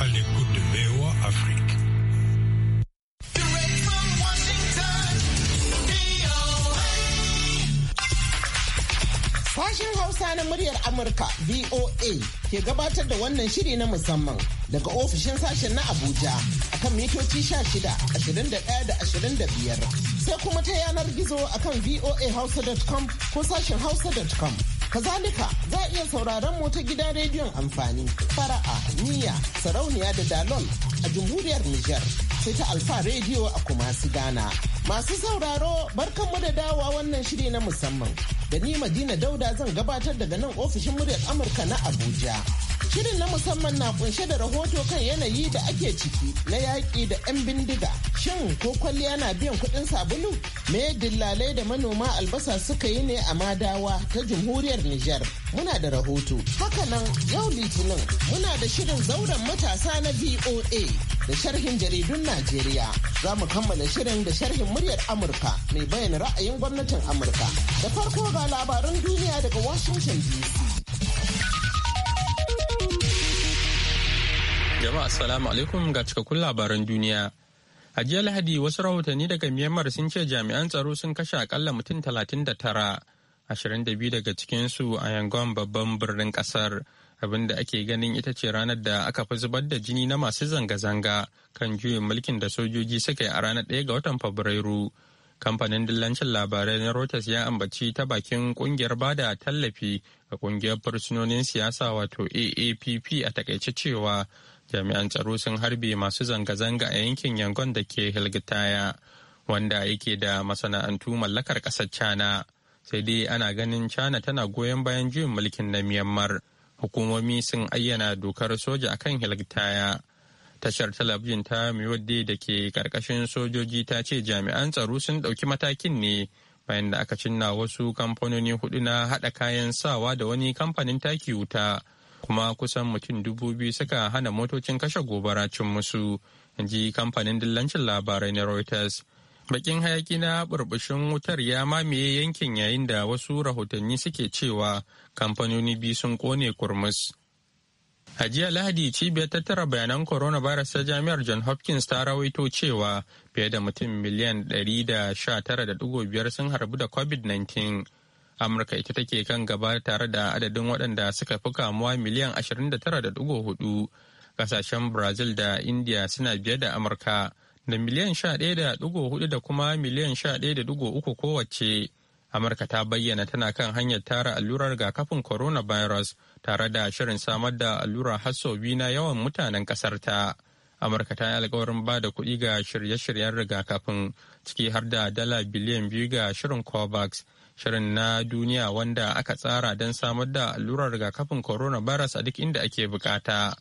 à l'écoute de VOA Afrique. Sashen Hausa na muryar Amurka VOA ke gabatar da wannan shiri na musamman daga ofishin sashen na Abuja a kan mitoci 16, 21 da 25 sai kuma ta yanar gizo a akan voahausa.com ko sashen hausa.com. Kazalika za a iya sauraron mu ta gida rediyon amfani fara'a niya sarauniya da dalon a jamhuriyar Nijar sai ta alfa rediyo a kumasi Ghana. Masu sauraro barkanmu da dawa wannan shiri na musamman. Da ni Madina Dauda zan gabatar daga nan ofishin muryar Amurka na Abuja. Shirin na musamman na kunshe da rahoto kan yanayi da ake ciki na yaƙi da 'yan bindiga. Shin ko kwalliya na biyan kuɗin sabulu? Me dillalai da manoma albasa suka yi ne a Madawa ta Jamhuriyar Nijar? Muna da rahoto. Hakanan yau Litinin muna da shirin zauren matasa na VOA da sharhin jaridun Najeriya. Za mu kammala shirin da sharhin muryar Amurka mai bayyana ra'ayin gwamnatin Amurka. Da farko ga labarun duniya daga Washington DC. Jama'a Assalamu alaikum ga cikakkun labaran duniya. A jiya Lahadi wasu rahotanni daga Myanmar sun ce jami'an tsaro sun kashe akalla mutum 39, 22 daga cikinsu a Yangon babban birnin kasar. Abin da ake ganin ita ce ranar da aka fi zubar da jini na masu zanga-zanga kan juyin mulkin da sojoji suka yi a ranar ɗaya ga watan Fabrairu. Kamfanin dillancin labarai na Reuters ya ambaci ta bakin kungiyar bada tallafi ga kungiyar fursunonin siyasa wato AAPP a takaice cewa jami'an tsaro sun harbe masu zanga-zanga a yankin yangon da ke hilgitaya wanda yake da masana'antu mallakar ƙasar cana sai dai ana ganin cana tana goyon bayan juyin mulkin na myanmar hukumomi sun ayyana dokar soja akan hilgitaya tashar talabijin ta miwadde da ke karkashin sojoji ta ce jami'an tsaro sun ɗauki matakin ne bayan da aka cinna wasu kamfanoni hudu na haɗa kayan sawa da wani kamfanin taki wuta kuma kusan mutum dubu biyu suka hana motocin kashe gobara cin musu ji kamfanin dillancin labarai na reuters bakin hayaki na burbushin wutar ya mamaye yankin yayin da wasu rahotanni suke cewa kamfanoni biyu sun kone kurmus a jiya lahadi cibiyar tattara bayanan coronavirus ta jami'ar john hopkins ta rawaito cewa fiye da mutum miliyan 119.5 sun harbu da covid-19 amurka ita take kan gaba tare da adadin waɗanda suka fi kamuwa miliyan 29.4 kasashen brazil da india suna biye da amurka da miliyan 11.4 da kuma miliyan 11.3 kowace amurka ta bayyana tana kan hanyar tara allurar rigakafin coronavirus tare da shirin samar da allura har na yawan mutanen ƙasarta. ta amurka ta yi alkawarin ba da kuɗi ga shirye-shiryen rigakafin ciki har da dala biliyan biyu ga shirin covax shirin na duniya wanda aka tsara don samar da allurar rigakafin coronavirus a duk inda ake bukata.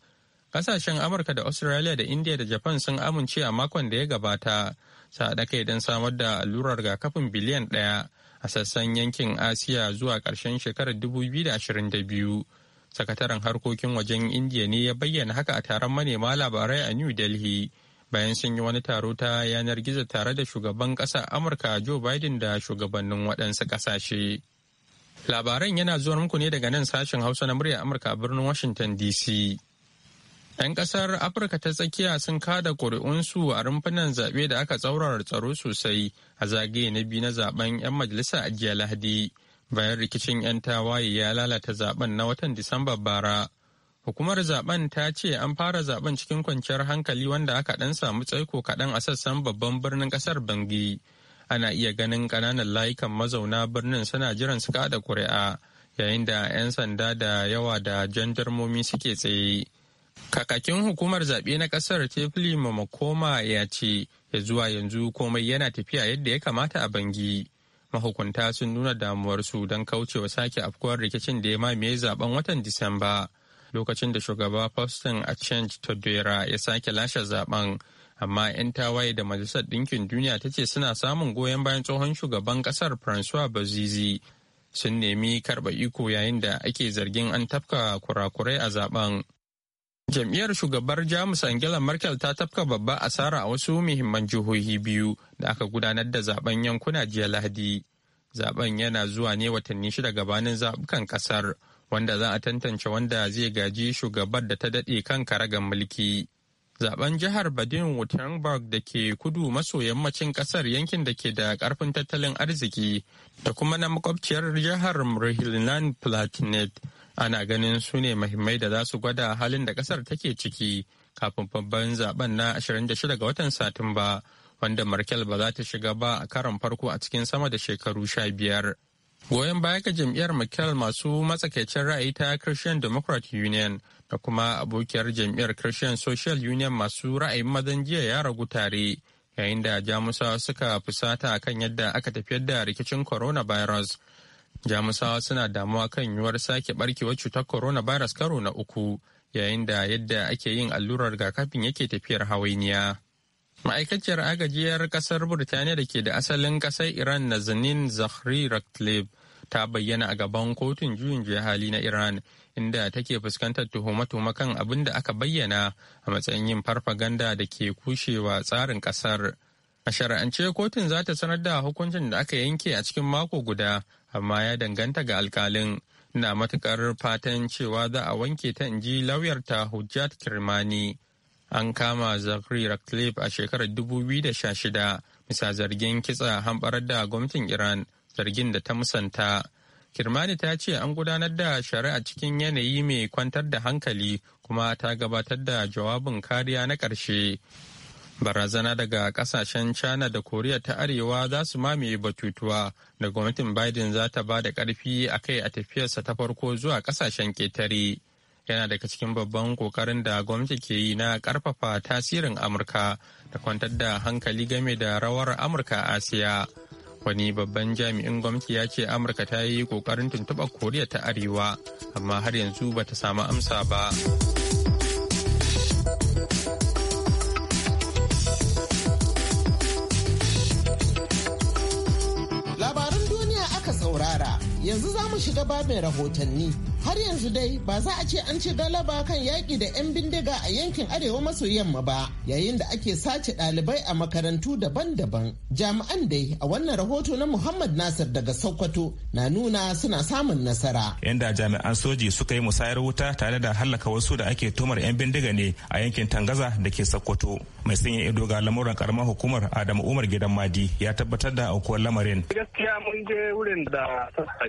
Kasashen Amurka da Australia da India da Japan sun amince a makon da ya gabata su haɗa kai don samar da allurar rigakafin biliyan ɗaya a sassan yankin Asiya zuwa ƙarshen shekarar 2022. Sakataren harkokin wajen indiya ne ya bayyana haka a taron manema labarai a New Delhi. bayan sun yi wani taro ta yanar gizo tare da shugaban ƙasa amurka joe biden da shugabannin waɗansu ƙasashe labaran yana zuwa muku ne daga nan sashen hausa na murya amurka a birnin washington dc 'yan ƙasar afirka ta tsakiya sun kada ƙuri'unsu a rumfunan zaɓe da aka tsaurara tsaro sosai a zagaye na biyu na zaben 'yan majalisa a jiya lahadi bayan rikicin 'yan tawaye ya lalata zaben na watan disamba bara Hukumar zaben ta ce an fara zaben cikin kwanciyar hankali wanda aka ɗan samu tsaiko kaɗan a sassan babban birnin ƙasar Bangi. Ana iya ganin kananan layukan mazauna birnin suna jiran su kaɗa kuri'a yayin da 'yan sanda da yawa da jandarmomi suke tsaye. Kakakin hukumar zaɓe na ƙasar Tefli Mamakoma ya ce ya zuwa yanzu komai yana tafiya yadda ya kamata a Bangi. Mahukunta sun nuna damuwarsu don kaucewa sake afkuwar rikicin da ya mamaye zaben watan Disamba. lokacin da shugaba Faustin a ta Todera ya sake lashe zaben amma 'yan tawaye da Majalisar Ɗinkin Duniya ta ce suna samun goyon bayan tsohon shugaban ƙasar Francois bazizi sun nemi karɓa iko yayin da ake zargin an tafka kurakurai a zaben. Jam'iyyar shugabar Jamus Angela Merkel ta tafka babba asara a wasu muhimman jihohi biyu da aka gudanar da zaben yankuna jiya Lahadi. Zaben yana zuwa ne watanni shida gabanin zaɓukan ƙasar. wanda za a tantance wanda zai gaji shugabar da ta daɗe kan karagar mulki. Zaben jihar badin württemberg da ke kudu maso yammacin ƙasar yankin da ke da ƙarfin tattalin arziki da kuma na makwabciyar jihar Rhineland Platinet ana ganin su ne mahimmai da za su gwada halin da ƙasar take ciki kafin babban zaben na 26 ga watan Satumba wanda Merkel ba za ta shiga ba a karon farko a cikin sama da shekaru sha biyar. Goyon baya ga jam'iyyar Mikel masu matsakaicin ra'ayi ta Christian Democrat Union da kuma abokiyar jam'iyyar Christian Social Union masu ra'ayin mazan jiya ya ragu tare yayin da Jamusawa suka fusata kan yadda aka tafiyar da rikicin coronavirus. Jamusawa suna damuwa kan yiwuwar sake barkewar cutar coronavirus karo na uku yayin da yadda ake yin allurar rigakafin yake tafiyar hawainiya. Ma'aikaciyar agajiyar kasar Burtaniya da ke da asalin kasar Iran na zanin Zakhri Ratcliffe ta bayyana a gaban kotun juyin juya hali na Iran inda take fuskantar tuhume-tuhume kan abin da aka bayyana a matsayin yin farfaganda da ke kushewa tsarin kasar. A shari'ance kotun za ta sanar da hukuncin da aka yanke a cikin mako guda amma ya danganta ga alkalin. Na matukar fatan cewa za a wanke ta in ji lauyarta Hujjat Kirmani. an kama zakri ratcliffe a shekarar 2016 bisa zargin kitsa hamɓarar da gwamnatin iran zargin da ta musanta kirmani ta ce an gudanar da shari'a cikin yanayi mai kwantar da hankali kuma ta gabatar da jawabin kariya na ƙarshe barazana daga kasashen china da koriya ta arewa za su mamaye batutuwa da gwamnatin biden za ta ba da karfi a kai a tafiyarsa ta farko zuwa kasashen ƙetare. yana daga cikin babban kokarin da gwamnati ke yi na karfafa tasirin amurka da kwantar da hankali game da rawar amurka a asiya wani babban jami'in gwamnati ya ce amurka ta yi kokarin tuntuɓar koriya ta arewa amma har yanzu bata samu amsa ba labaran duniya aka saurara yanzu za mu shiga babin rahotanni har yanzu dai ba za a ce an ci galaba kan yaƙi da 'yan bindiga a yankin arewa maso yamma ba yayin da ake sace ɗalibai a makarantu daban-daban jami'an dai a wannan rahoto na muhammad nasir daga sokoto na nuna suna samun nasara yanda jami'an soji suka yi musayar wuta tare da hallaka wasu da ake tumar 'yan bindiga ne a yankin tangaza da ke sokoto mai sanya ido ga lamuran karamar hukumar adamu umar gidan madi ya tabbatar da aukuwar lamarin gaskiya mun je wurin da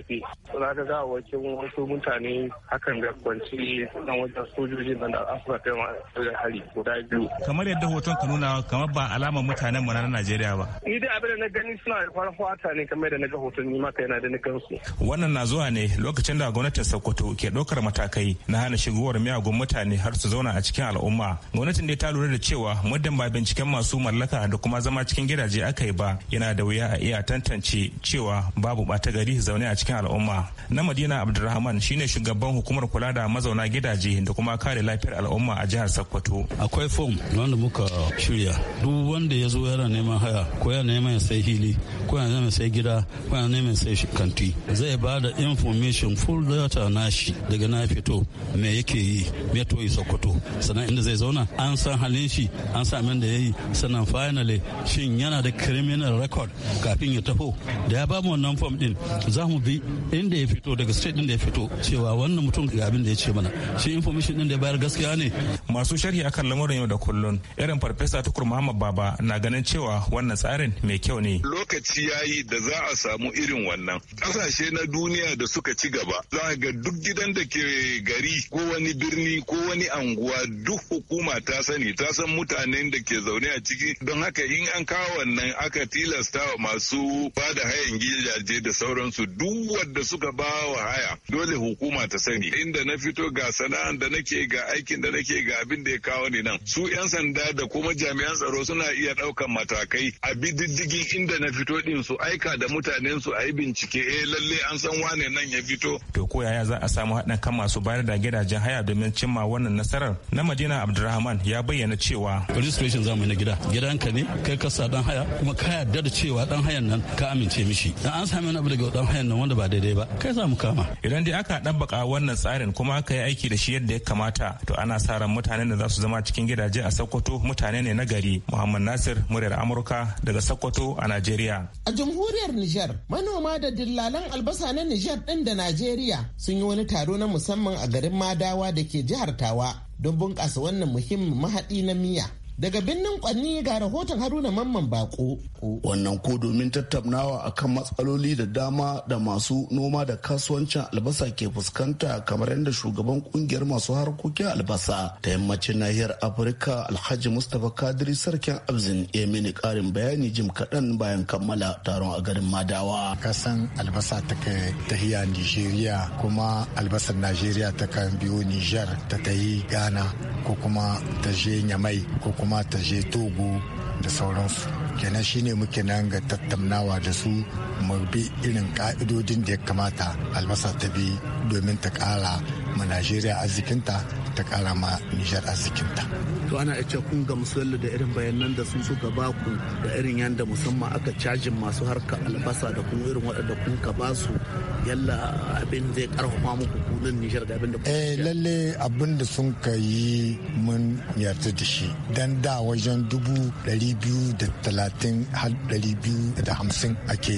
safe za ka ga wakin wasu mutane hakan da kwanci na wajen sojoji nan da afirka kai ma da hari guda biyu kamar yadda hoton ka nuna kamar ba alamar mutanen mu na najeriya ba ni dai abin da na gani suna da farar fata ne kamar yadda na ga hoton ni ma kaina da na gansu wannan na zuwa ne lokacin da gwamnatin sokoto ke ɗaukar matakai na hana shigowar miyagun mutane har su zauna a cikin al'umma gwamnatin dai ta lura da cewa muddin ba binciken masu mallaka da kuma zama cikin gidaje aka yi ba yana da wuya a iya tantance cewa babu ɓata gari zaune a cikin al'umma na madina abdulrahman shine shugaban hukumar kula da mazauna gidaje da kuma kare lafiyar al'umma a jihar sokoto akwai fom wanda muka shirya duk wanda ya zo yana neman haya ko yana neman ya sai hili ko yana neman sai gida ko yana neman sai kanti zai ba da information full data nashi daga na fito me yake yi me to yi sokoto sannan inda zai zauna an san halin shi an san abin da ya yi sannan finally shin yana da criminal record kafin ya taho da ya ba mu wannan fom din za mu bi inda ya fito daga state din da ya fito cewa wannan mutum ga abin da ya ce mana shi information din da ya bayar gaskiya ne masu sharhi akan lamarin yau da kullun irin farfesa tukur muhammad baba na ganin cewa wannan tsarin mai kyau ne lokaci yayi da za a samu irin wannan kasashe na duniya da suka ci gaba za ga duk gidan da ke gari ko wani birni ko wani anguwa duk hukuma ta sani ta san mutanen da ke zaune a ciki don haka in an kawo wannan aka tilasta wa masu ba da hayan gidaje da sauransu duk abubuwan da suka ba wa haya dole hukuma ta sani inda na fito ga sana'an da nake ga aikin da nake ga abin da ya kawo ni nan su yan sanda da kuma jami'an tsaro suna iya ɗaukan matakai a bi diddigin inda na fito din su aika da mutanen su a yi bincike eh lalle an san wane nan ya fito to ko yaya za a samu haɗin kan masu bayar da gidajen haya domin cimma wannan nasarar na madina abdulrahman ya bayyana cewa registration zamu na gida gidanka ne kai ka sa dan haya kuma ka yarda da cewa dan hayan nan ka amince mishi dan an sami wani abu daga dan hayan nan wanda ba daidai ba kai za mu kama idan dai aka ɗabbaka wannan tsarin kuma aka yi aiki da shi yadda ya kamata to ana sa ran mutanen da za su zama cikin gidaje a sokoto mutane ne na gari muhammad nasir muryar amurka daga sokoto a najeriya a jamhuriyar nijar manoma da dillalan albasa na nijar ɗin da najeriya sun yi wani taro na musamman a garin madawa da ke jihar tawa don bunƙasa wannan muhimmin mahaɗi na miya Daga birnin Kwanni ga rahoton Haruna Mamman Bako. Wannan ko domin tattaunawa a kan matsaloli da dama da masu noma da kasuwancin albasa ke fuskanta kamar yadda shugaban kungiyar masu harkokin albasa ta yammacin nahiyar Afirka Alhaji Mustapha Kadiri Sarkin Abzin ya mini karin bayani jim kaɗan bayan kammala taron a garin Madawa. Kasan albasa ta tahiya Nijeriya kuma albasar Najeriya ta kan biyo Nijar ta ta yi Ghana ko kuma ta je Nyamai ko kuma ma ta je togo da sauransu kenan shine muke nan ga tattaunawa da su mu bi irin ka'idodin da ya kamata albasa ta bi domin ta kara ma najeriya arzikinta ta kara ma Nijar arzikinta. To ana iya cewa kun gamsu da irin bayanan da sun suka ba ku da irin yadda musamman aka cajin masu harka albasa da kuma irin waɗanda kun ka ba su yalla abin zai karfafa muku kudin Nijar da abin da kuka Eh lalle abin da sun ka yi mun yarda da shi dan da wajen dubu ɗari biyu da talatin har ɗari biyu da hamsin ake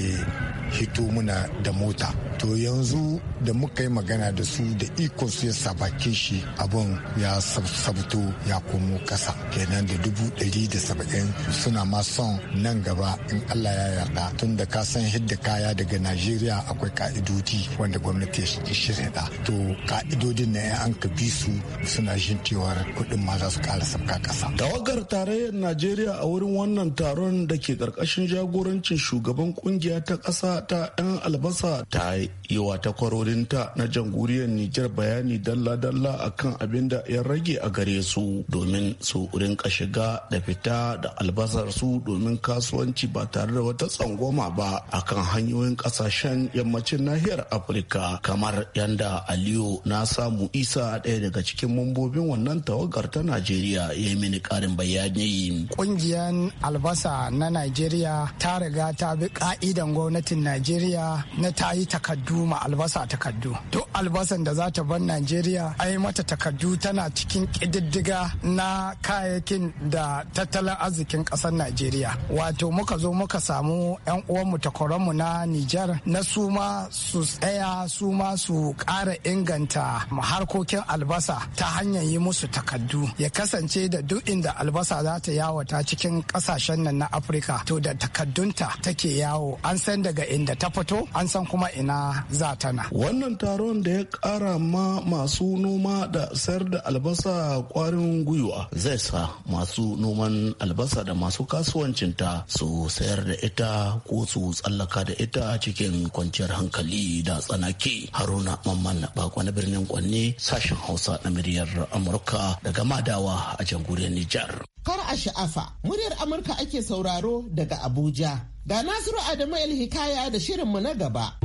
hito muna da mota to yanzu da muka yi magana da su da iko su ya sabakin shi abun ya sabto ya komo kasa kenan da dubu ɗari da saba'in suna ma son nan gaba in allah ya yarda tun da ka san hidda kaya daga najeriya akwai ka'idodi wanda gwamnati ya shirya da to ka'idodin na an ka bi su suna jin cewar kuɗin ma za su ƙara sabka kasa. tawagar tarayyar najeriya a wurin wannan taron da ke ƙarƙashin jagorancin shugaban ƙungiya ta ƙasa kungiya 'yan albasa ta yi wa takwarorinta na jamhuriyar Nijar bayani dalla-dalla akan abin da ya rage a gare su domin su rinka shiga da fita da albasar su domin kasuwanci ba tare da wata tsangwama ba a kan hanyoyin kasashen yammacin nahiyar Afirka kamar yanda Aliyu na samu isa ɗaya daga cikin mambobin wannan tawagar ta Najeriya ya yi mini ƙarin bayani. Ƙungiyar albasa na Najeriya ta riga ta bi ka'idan gwamnatin najeriya na ta yi takaddu ma albasa takaddu duk albasan da za ta bar najeriya a yi mata takaddu tana cikin ƙididdiga na kayayyakin da tattalin arzikin ƙasar najeriya wato muka zo muka samu 'yan uwanmu mu na nijar na su ma su tsaya su ma su ƙara inganta harkokin albasa ta hanyar yi musu takaddu ya kasance da duk inda albasa za ta yawata cikin ƙasashen nan na afirka to da takaddunta take yawo an san daga inda ta fito an san kuma ina za ta na. wannan taron da ya kara ma masu noma da sayar da albasa kwarin gwiwa zai sa masu noman albasa da masu kasuwancinta su sayar da ita ko su tsallaka da ita cikin kwanciyar hankali da tsanaki haruna mamman bako na birnin kwanne sashen hausa na muryar amurka daga madawa a jamhuriyar nijar kar a sha'afa muryar amurka ake sauraro daga abuja Da Nasiru Adamu El Hikaya da shirinmu na gaba.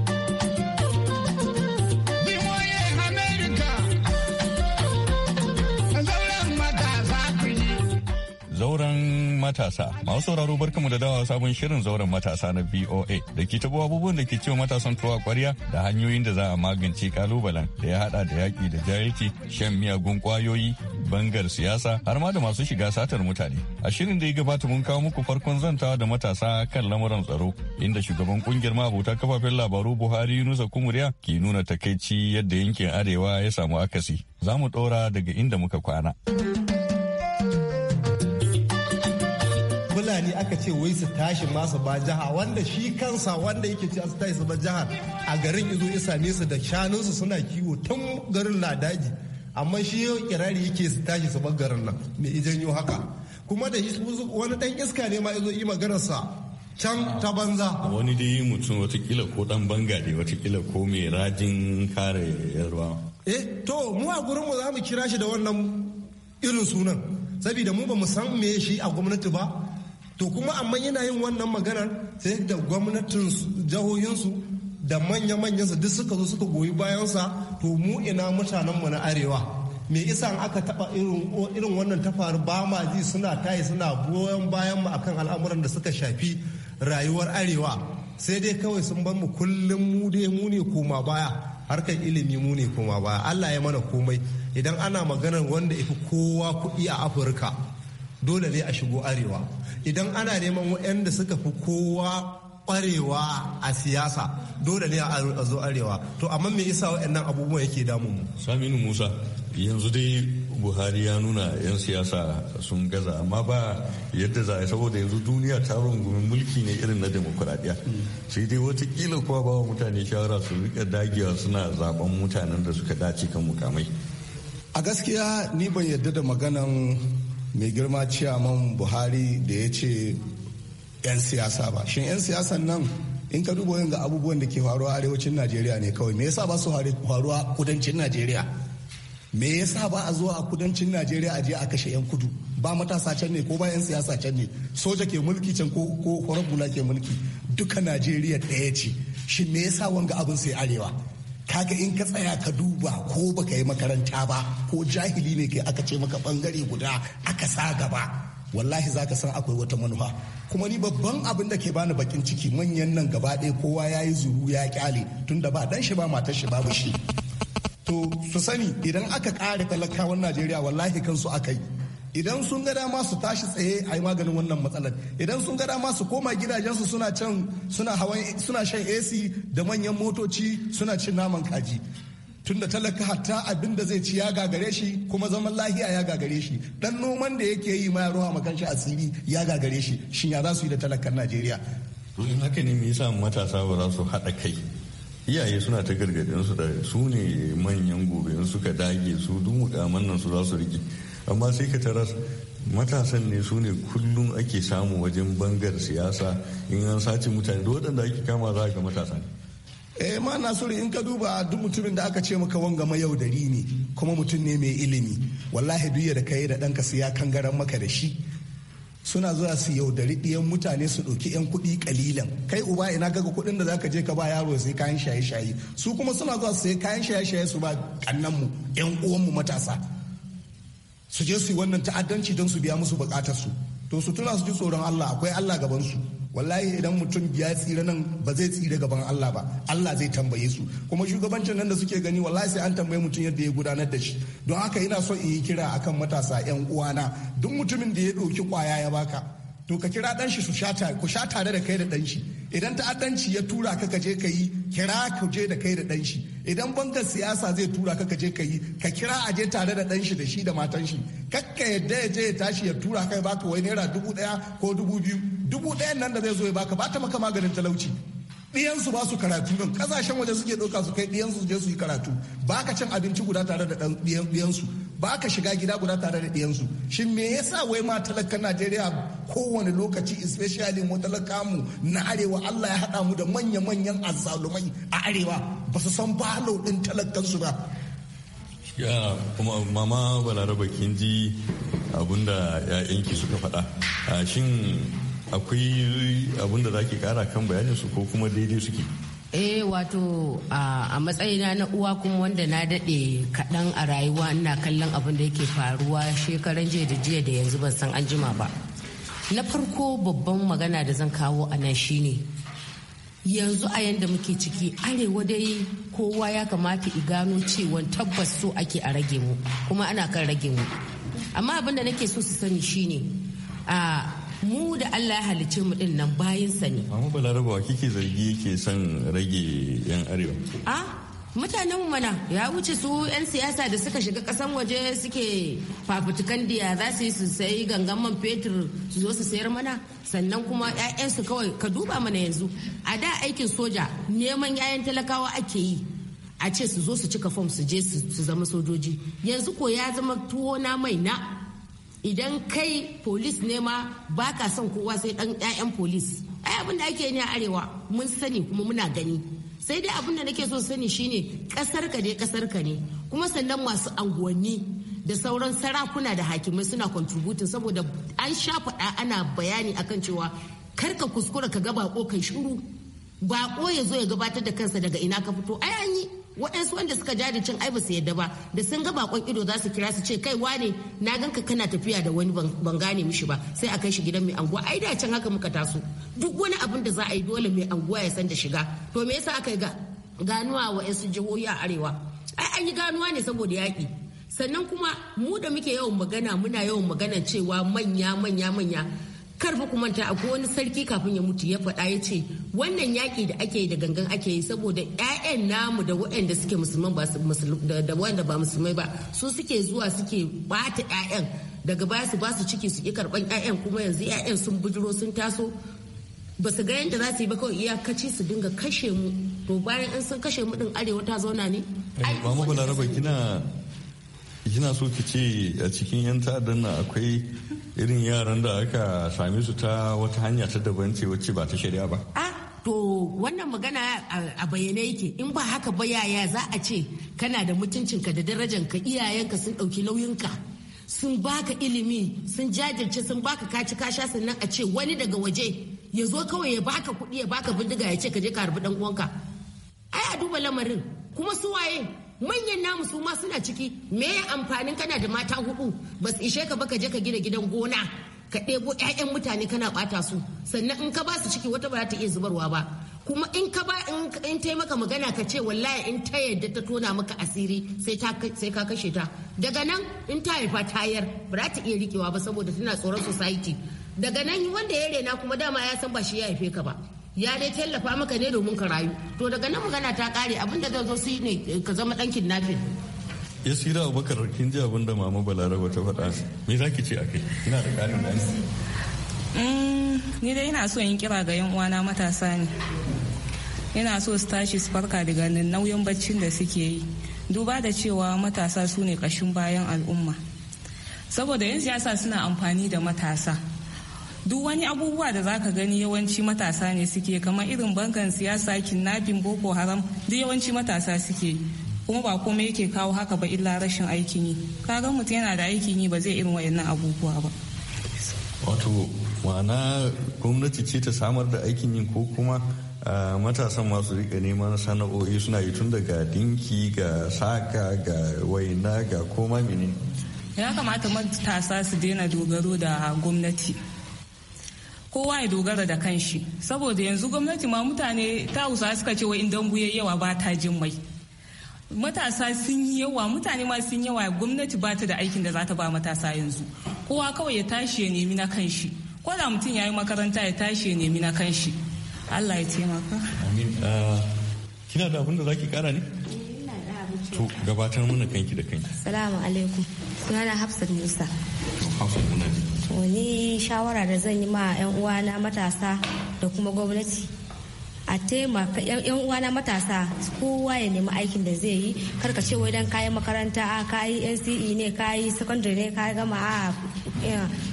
Zauren matasa. Masu sauraro barkamu da dawa sabon shirin zauren matasa na VOA da ke tabo abubuwan da ke cewa matasan tuwa kwarya da hanyoyin da za a magance kalubalen da ya hada da yaki da jahilci, shan miyagun kwayoyi, bangar siyasa har ma da masu shiga satar mutane. A shirin da ya gabata mun kawo muku farkon zantawa da matasa kan lamuran tsaro inda shugaban kungiyar ma'abota kafafen labaru Buhari Yunusa Kumuriya ke nuna takaici yadda yankin Arewa ya samu akasi. Za mu ɗora daga inda muka kwana. fulani aka ce wai su tashi masu ba jiha wanda shi kansa wanda yake ce su tashi su ba jiha a garin izo ya same su da shanunsu suna kiwo tun garin na daji amma shi yau kirari yake su tashi su bar garin nan me yau haka kuma da wani dan iska ne ma izo yi maganarsa can ta banza. Wani dai mutum watakila ko dan banga ne watakila ko mai rajin kare yarwa Eh to mu a gurinmu za mu kira shi da wannan irin sunan. Saboda mu ba mu san me shi a gwamnati ba to kuma amma yana yin wannan maganar sai da gwamnatin jihohinsu da manya-manyansa duk suka zo suka goyi bayansa to mu ina mutanenmu na arewa me isa aka taba irin wannan ta faru ba ma ji suna tayi suna goyon bayan mu akan al'amuran da suka shafi rayuwar arewa sai dai kawai sun bar mu kullum mu dai mu ne koma baya harkar ilimi mu ne koma baya Allah ya mana komai idan ana maganar wanda ifi kowa kuɗi a Afirka dole ne a shigo arewa idan ana neman waɗanda suka fi kowa kwarewa a siyasa dole ne a zo arewa to amma me isa waɗannan abubuwa yake damu mu saminu musa yanzu dai buhari ya nuna 'yan siyasa sun gaza amma ba yadda za a saboda yanzu duniya ta rungumin mulki ne irin na demokuraɗiyya sai dai watakila kuwa ba wa mutane shawara su rika dagewa suna zaben mutanen da suka dace kan mukamai a gaskiya ni ban yadda da maganan mai girma man buhari da ya ce 'yan siyasa ba shin 'yan siyasan nan in ka duba yin ga abubuwan da ke faruwa arewacin najeriya ne kawai me yasa ba su faruwa kudancin najeriya me yasa ba a zuwa a kudancin najeriya a je a kashe 'yan kudu ba matasa can ne ko ba 'yan siyasa can ne soja ke mulki can ko ko ke mulki duka najeriya ɗaya ce shin me yasa wanga abin sai arewa kaga in ka tsaya ka duba ko baka yi makaranta ba ko jahili ne ke aka ce maka bangare guda aka sa gaba wallahi zaka san akwai wata manufa kuma ni babban abin da ke bani bakin ciki manyan nan gaba ɗaya kowa ya yi zuru ya kyale tunda ba dan shi ba matar shi ba shi to su sani idan aka ƙara talakawan najeriya wallahi kansu aka yi idan sun ga dama su tashi tsaye a yi maganin wannan matsalar idan sun ga dama su koma gidajensu suna can suna hawan suna shan AC da manyan motoci suna cin naman kaji tunda talaka hatta abin da zai ci ya gagare shi kuma zaman lahiya ya gagare shi dan noman da yake yi ma ruwa makan shi asiri ya gagare shi shin ya za su yi da talakan Najeriya in haka ne me yasa matasa ba za su hada kai iyaye suna ta gargadin su da su ne manyan gobe in suka dage su duk mukaman nan su za su rike amma sai ka taras matasan ne su ne kullum ake samu wajen bangar siyasa in an sace mutane da waɗanda ake kama za ga matasa ne eh ma nasiru in ka duba duk mutumin da aka ce maka wanga mayaudari ne kuma mutum ne mai ilimi wallahi duk da kai da ɗanka siya kangaren maka da shi suna zuwa su yaudari ɗiyan mutane su ɗauki 'yan kuɗi ƙalilan kai uba ina kaga kuɗin da za ka je ka ba yaro sai kayan shaye-shaye su kuma suna zuwa su sai kayan shaye-shaye su ba ƙannanmu 'yan uwanmu matasa su je su wannan ta'addanci don su biya musu bukatar su to su tuna su ji tsoron Allah akwai Allah gaban su wallahi idan mutum ya tsira nan ba zai tsira gaban Allah ba Allah zai tambaye su kuma shugabancin nan da suke gani wallahi sai an tambaye mutum yadda ya gudanar da shi don haka ina so in yi kira akan matasa yan uwana duk mutumin da ya dauki kwaya ya baka to ka kira ɗanshi su sha tare ku sha tare da kai da ɗanshi idan idan ta'addanci ya tura ka ka je ka yi kira ka je da kai da ɗanshi idan bankan siyasa zai tura ka ka je ka yi ka kira a je tare da ɗanshi da shi da matan shi kakka yadda ya je ya tashi ya tura kai baka wai naira dubu daya ko dubu biyu dubu ɗayan nan da zai zo ya baka ba ta maka maganin talauci ɗiyansu ba su karatu don kasashen waje suke ɗauka su kai ɗiyansu je su yi karatu baka ka cin abinci guda tare da ɗiyansu ba ka shiga gida guda tare da ɗiyansu shin me yasa wai ma talakan najeriya kowane lokaci especially mu mu na arewa allah ya haɗa mu da manya-manyan azzalumai a arewa ba su san balo ɗin talakansu ba ya kuma mama balaraba kin ji abinda ya'yanki suka faɗa shin akwai abinda za ki kara kan bayanin su ko kuma daidai suke eh wato a matsayina na uwa kuma wanda na daɗe kaɗan a rayuwa ina kallon abin da yake faruwa shekaran jiya da jiya da yanzu ban san an jima ba na farko babban magana da zan kawo a nan shine yanzu a yanda muke ciki arewa dai kowa ya kamata i gano cewa tabbas so ake a rage mu kuma ana kan rage mu amma abin da nake so su sani shine a mu da Allah ya halice mu din nan sa ne amma balaraba kike zargi yake son rage yan arewa a mutanen mana ya wuce su 'yan siyasa da suka shiga kasan waje suke fafutukan diya za su yi su sayi gangan man fetur su zo su sayar mana sannan kuma su kawai ka duba mana yanzu a da aikin soja neman 'ya'yan talakawa ake yi a ce su zo su cika fom su je su zama sojoji yanzu ko ya zama tuwo na mai na idan kai polis ne ma ba ka son kowa sai dan 'ya'yan polis ai abin da ake ne a arewa mun sani kuma muna gani sai dai abin da nake so sani shine kasar ka dai kasar ka ne kuma sannan masu anguwanni da sauran sarakuna da hakimai suna contributing saboda an sha faɗa ana bayani akan cewa kar ka kuskura ka ga bako kai shuru bako ya zo ya gabatar da kansa daga ina ka fito ai an yi waɗansu wanda suka jajircin ai ba su yadda ba da sun ga bakon ido za su kira su ce kai wane na ganka kana tafiya da wani ban gane mishi ba sai a kai shi gidan mai anguwa ai da can haka muka taso duk wani abin da za a yi dole mai anguwa ya san da shiga to me yasa aka yi ganuwa wa yansu jihohi a arewa ai an yi ganuwa ne saboda yaƙi sannan kuma mu da muke yawan magana muna yawan magana cewa manya manya manya kar fa ku manta akwai wani sarki kafin ya mutu ya faɗa ya ce wannan yaƙi da ake yi da gangan ake yi saboda 'ya'yan namu da waɗanda suke musulman ba da wanda ba musulmai ba su suke zuwa suke bata 'ya'yan daga baya su ba su ciki su ki karɓan 'ya'yan kuma yanzu 'ya'yan sun bujiro sun taso ba su ga yadda za su yi ba kawai iyakaci su dinga kashe mu to bayan in sun kashe mu din arewa ta zauna ne. ba eh, mu raba kina kina so ki ce a cikin 'yan ta'addan na akwai irin yaran da aka same su ta wata hanya ta daban ce wacce ba ta shari'a ba a ah, to wannan magana a bayyane yake in ba haka ba yaya za a ce kana da mutuncinka da darajanka iyayenka sun ɗauki nauyinka sun baka ilimi sun jajirce sun baka kaci kasha sannan a ce wani daga waje ya zo kawai ya baka kuɗi ya baka bindiga ya ce ka je ka harbi ɗan uwanka ai a duba lamarin kuma su waye manyan namu su ma suna ciki me amfanin kana da mata hudu ba su ishe ka ba ka je ka gina gidan gona ka ɗebo 'ya'yan mutane kana ɓata su sannan in ka ba su ciki wata ba za ta iya zubarwa ba kuma in ka ba in ta maka magana ka ce wallahi in ta yarda ta tona maka asiri sai ka kashe ta daga nan in ta haifa tayar ba za ta iya rikewa ba saboda tana tsoron society daga nan wanda ya rena kuma dama ya san ba shi ya haife ka ba ya dai tallafa maka ne domin ka rayu to daga nan magana ta kare abin da zo su ne ka zama dan kidnapping ya sira abubakar kin ji abin da mama balaraba ta faɗa me za ki ce a kai ina da ƙarin da mm, ni dai ina so in kira ga yan uwana matasa ne ina so su tashi su farka daga nauyin baccin da suke yi duba da cewa matasa su ne ƙashin bayan al'umma saboda 'yan siyasa suna amfani da matasa duk wani abubuwa da zaka gani yawanci matasa ne suke kamar irin bankan siyasa kidnapping boko haram duk yawanci matasa suke kuma ba kome yake kawo haka ba illa rashin aikin yi kaga mutum yana da aikin yi ba zai irin wayannan abubuwa ba wato ma'ana gwamnati ce ta samar da aikin yi ko kuma matasan masu rika neman sana'o'i suna yi tun daga dinki ga saka ga waina ga koma mini ya kamata matasa su daina dogaro da gwamnati kowa ya dogara da kanshi saboda yanzu gwamnati ma mutane ta usa suka ce wai idan buye yawa ba ta jin mai matasa sun yi yawa mutane ma sun yawa gwamnati ba ta da aikin da za ta ba matasa yanzu kowa kawai ya tashi ya nemi na kanshi ko da mutum ya yi makaranta ya tashi ya nemi na kanshi allah ya taimaka amin ah, kina da abin da zaki kara ne to gabatar mana kanki da kanki salamu alaikum sunana hafsat musa hafsat munabi wani shawara da zan yi ma 'yan uwana matasa da kuma gwamnati a taimaka yan uwana matasa kowa ya nemi aikin da zai yi karka ce wai dan kayi makaranta a kayi nce ne kayi secondary ne kayi gama a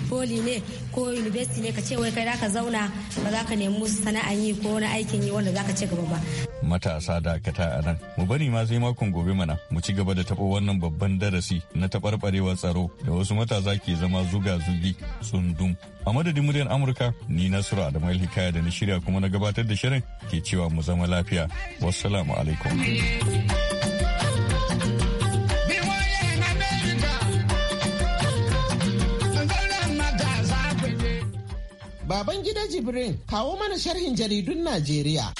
poli ne ko university ne ka ce wai kai ka zauna ba za ka nemi sana'an yi ko wani aikin yi wanda za ka ci gaba ba. Matasa dakata ta nan, mu bani ma sai makon gobe mana mu ci gaba da taɓo wannan babban darasi na taɓarɓarewar tsaro da wasu matasa ke zama zuga zugi tsundum. A madadin muryar Amurka, ni Nasiru Adamu Hikaya da na shirya kuma na gabatar da shirin ke cewa mu zama lafiya. Wassalamu alaikum. Baban gida Jibrin kawo mana sharhin jaridun Najeriya.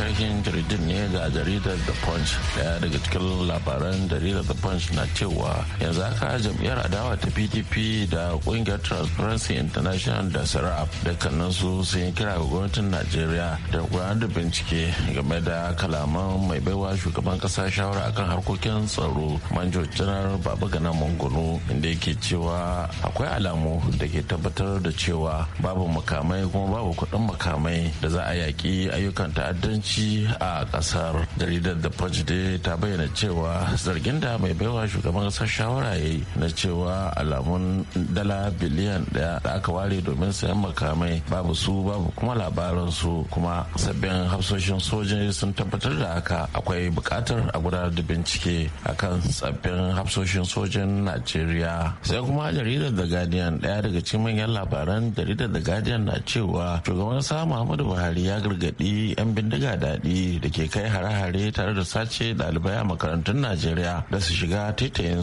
sharhin jaridun ne ga jaridar The Punch. Daya daga cikin labaran jaridar The Punch na cewa yanzu haka jam'iyyar adawa ta PDP da kungiyar Transparency International da Sarab dukkaninsu sun yi kira ga gwamnatin Najeriya da gudanar da bincike game da kalaman mai baiwa shugaban kasa shawara akan harkokin tsaro manjo janar Baba Gana Mangono inda yake cewa akwai alamu da ke tabbatar da cewa babu makamai kuma babu kuɗin makamai da za a yaƙi ayyukan ta'addanci ci a kasar jaridar da fajide ta bayyana cewa zargin da mai baiwa shugaban kasar shawara ya yi na cewa alamun dala biliyan daya da aka ware domin sayan makamai babu su babu kuma labaran su kuma sabbin hafsoshin sojoji sun tabbatar da haka akwai bukatar a gudanar da bincike akan sabbin hafsoshin sojin najeriya sai kuma jaridar da guardian daya daga cikin manyan labaran jaridar da guardian na cewa shugaban kasa muhammadu buhari ya gargadi yan bindiga jiya daɗi da ke kai hare-hare tare da sace ɗalibai a makarantun najeriya da su shiga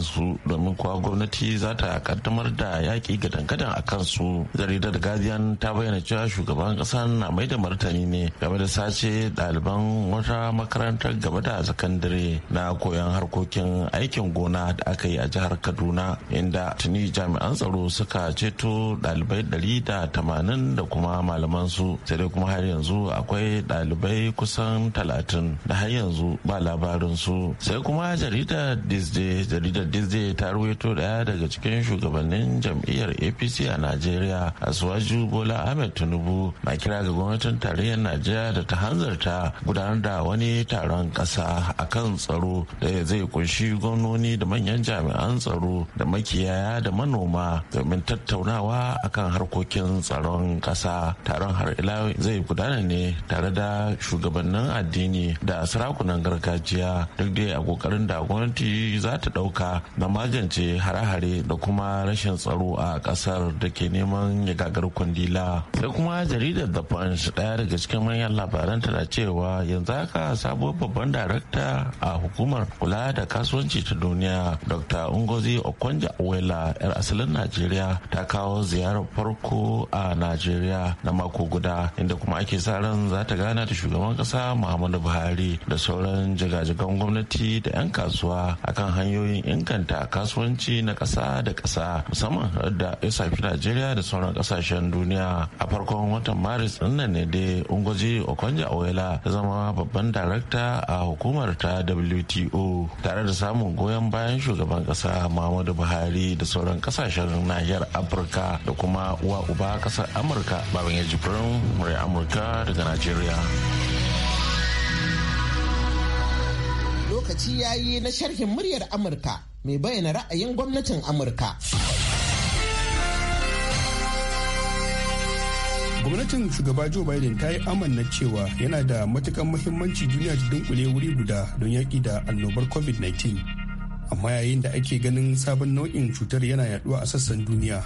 su domin kuwa gwamnati za ta kaddamar da yaƙi ga dangadan a kansu jaridar guardian ta bayyana cewa shugaban ƙasa na mai da martani ne game da sace ɗaliban wata makarantar gaba da sakandare na koyon harkokin aikin gona da aka yi a jihar kaduna inda tuni jami'an tsaro suka ceto ɗalibai ɗari da tamanin da kuma malamansu sai dai kuma har yanzu akwai ɗalibai kusan talatin da har yanzu ba labarin su sai kuma jaridar disney jaridar disney ta ruwaito daya daga cikin shugabannin jam'iyyar apc a najeriya asuwaju bola ahmed tinubu na kira ga gwamnatin tarayyar najeriya da ta hanzarta gudanar da wani taron kasa akan tsaro da zai kunshi gwamnoni da manyan jami'an tsaro da makiyaya da manoma domin tattaunawa akan harkokin tsaron kasa taron har ila zai gudana ne tare da shugaban shugabannin addini da sarakunan gargajiya duk dai a kokarin da gwamnati za ta dauka na magance hare-hare da kuma rashin tsaro a kasar da ke neman ya gagar kwandila sai kuma jaridar da punch daya daga cikin manyan labaran ta da cewa yanzu haka sabuwar babban darakta a hukumar kula da kasuwanci ta duniya dr ungozi okonja wela yar asalin najeriya ta kawo ziyarar farko a najeriya na mako guda inda kuma ake sa ran za ta gana da shugaban ƙasa muhammadu buhari da sauran jigajigan gwamnati da 'yan kasuwa akan hanyoyin inganta kasuwanci na kasa da kasa musamman da ya safi najeriya da sauran kasashen duniya a farkon watan maris nan ne dai ungoji okonja oyela ta zama babban darakta a hukumar ta wto tare da samun goyon bayan shugaban ƙasa muhammadu buhari da sauran kasashen nahiyar afirka da kuma uwa uba kasar amurka baban ya amurka daga najeriya lokaci ya yi na sharhin muryar Amurka mai bayyana ra'ayin gwamnatin Amurka. gwamnatin shugaba joe biden ta yi amanna cewa yana da matukan muhimmanci duniya ta dunkule wuri guda don yaƙi da annobar covid-19 amma yayin da ake ganin sabon nau'in cutar yana yaduwa a sassan duniya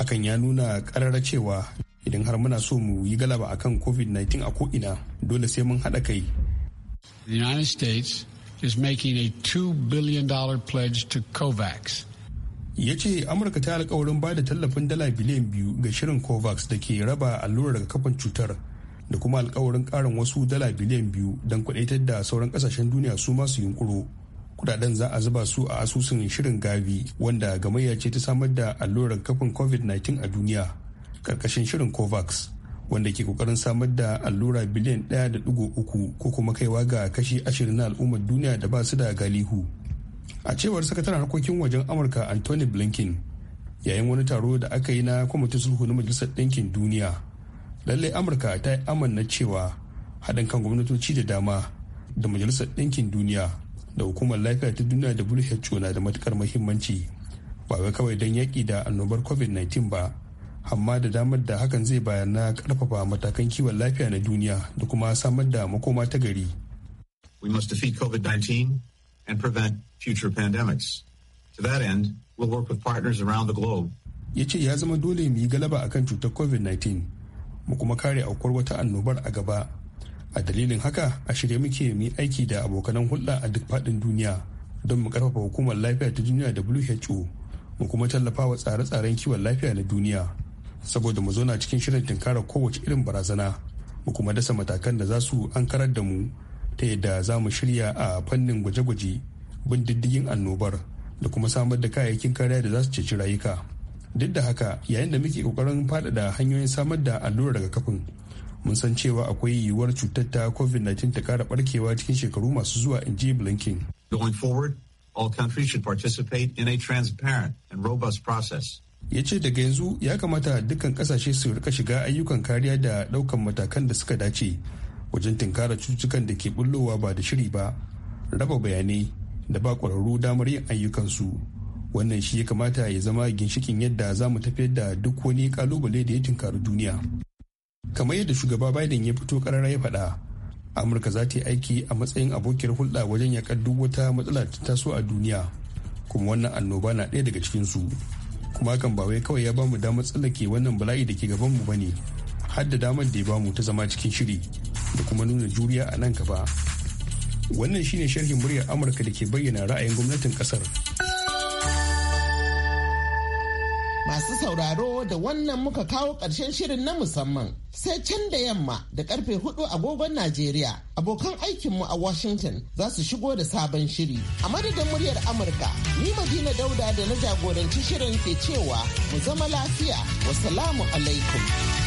hakan ya nuna karara cewa idan har muna so mu yi galaba akan covid-19 a ko'ina dole sai mun haɗa kai the united states is making a $2 billion pledge to COVAX. ya ce amurka ta alkawarin ba da tallafin dala biliyan biyu ga shirin covax da ke raba allurar kafan cutar da kuma alkawarin karin wasu dala biliyan biyu don kudaitar da sauran kasashen duniya su masu yunkuro kudaden za a zuba su a asusun shirin gavi wanda gamayya ce ta samar da allurar kafin covid-19 a duniya karkashin shirin covax wanda ke kokarin samar da allura biliyan uku ko kuma kaiwa ga kashi ashirin na al'ummar duniya da ba su da galihu a cewar sakataren harkokin wajen amurka anthony blinken yayin wani taro da aka yi na kwamitin sulhu na majalisar ɗinkin duniya lallai amurka ta yi amanna cewa haɗin kan gwamnatoci da dama da majalisar ɗinkin duniya da hukumar lafiya ta duniya da who na da matukar muhimmanci ba wai kawai don yaƙi da annobar covid-19 ba amma da damar da hakan zai bayar na karfafa matakan kiwon lafiya na duniya da kuma samar da makoma ta gari. We must defeat COVID-19 and prevent future pandemics. To that end, we'll work with partners around the globe. Ya ce ya zama dole mu yi galaba akan cutar COVID-19 mu kuma kare aukuwar wata annobar a gaba. A dalilin haka, a shirye muke mu yi aiki da abokanan hulɗa a duk faɗin duniya don mu karfafa hukumar lafiya ta duniya da WHO mu kuma tallafa wa tsare-tsaren kiwon lafiya na duniya. saboda mu zauna cikin shirin tunkara kowace irin barazana mu kuma dasa matakan da za su ankarar da mu ta yadda za mu shirya a fannin gwaje-gwaje bin diddigin annobar da kuma samar da kayayyakin kariya da za su ceci rayuka duk da haka yayin da muke kokarin faɗaɗa hanyoyin samar da allurar kafin mun san cewa akwai yiwuwar cutar ta covid-19 ta kara barkewa cikin shekaru masu zuwa in ji blinken going forward all countries should participate in a transparent and robust process ya ce daga yanzu ya kamata dukkan kasashe su rika shiga ayyukan kariya da daukan matakan da suka dace wajen tinkara cututtukan da ke bullowa ba da shiri ba raba bayanai da ba kwararru damar yin ayyukansu wannan shi ya kamata ya zama ginshikin yadda za mu tafiyar da duk wani kalubale da ya tinkari duniya kamar yadda shugaba biden ya fito karara ya faɗa amurka za ta yi aiki a matsayin abokiyar hulɗa wajen yakar duk wata matsala ta taso a duniya kuma wannan annoba na ɗaya daga cikinsu kuma hakan ba wai kawai ya ba mu damar tsallake wannan bala'i da ke gaban mu bane har da damar da ya ba mu ta zama cikin shiri da kuma nuna juriya a nan gaba wannan shine sharhin muryar amurka da ke bayyana ra'ayin gwamnatin kasar. Masu sauraro da wannan muka kawo ƙarshen shirin na musamman sai can da yamma da karfe hudu agogon Najeriya abokan aikinmu a Washington za su shigo da sabon shiri. A madadin muryar Amurka, ni Madina Dauda da na jagoranci shirin ke cewa mu zama lafiya, wasalamu alaikum.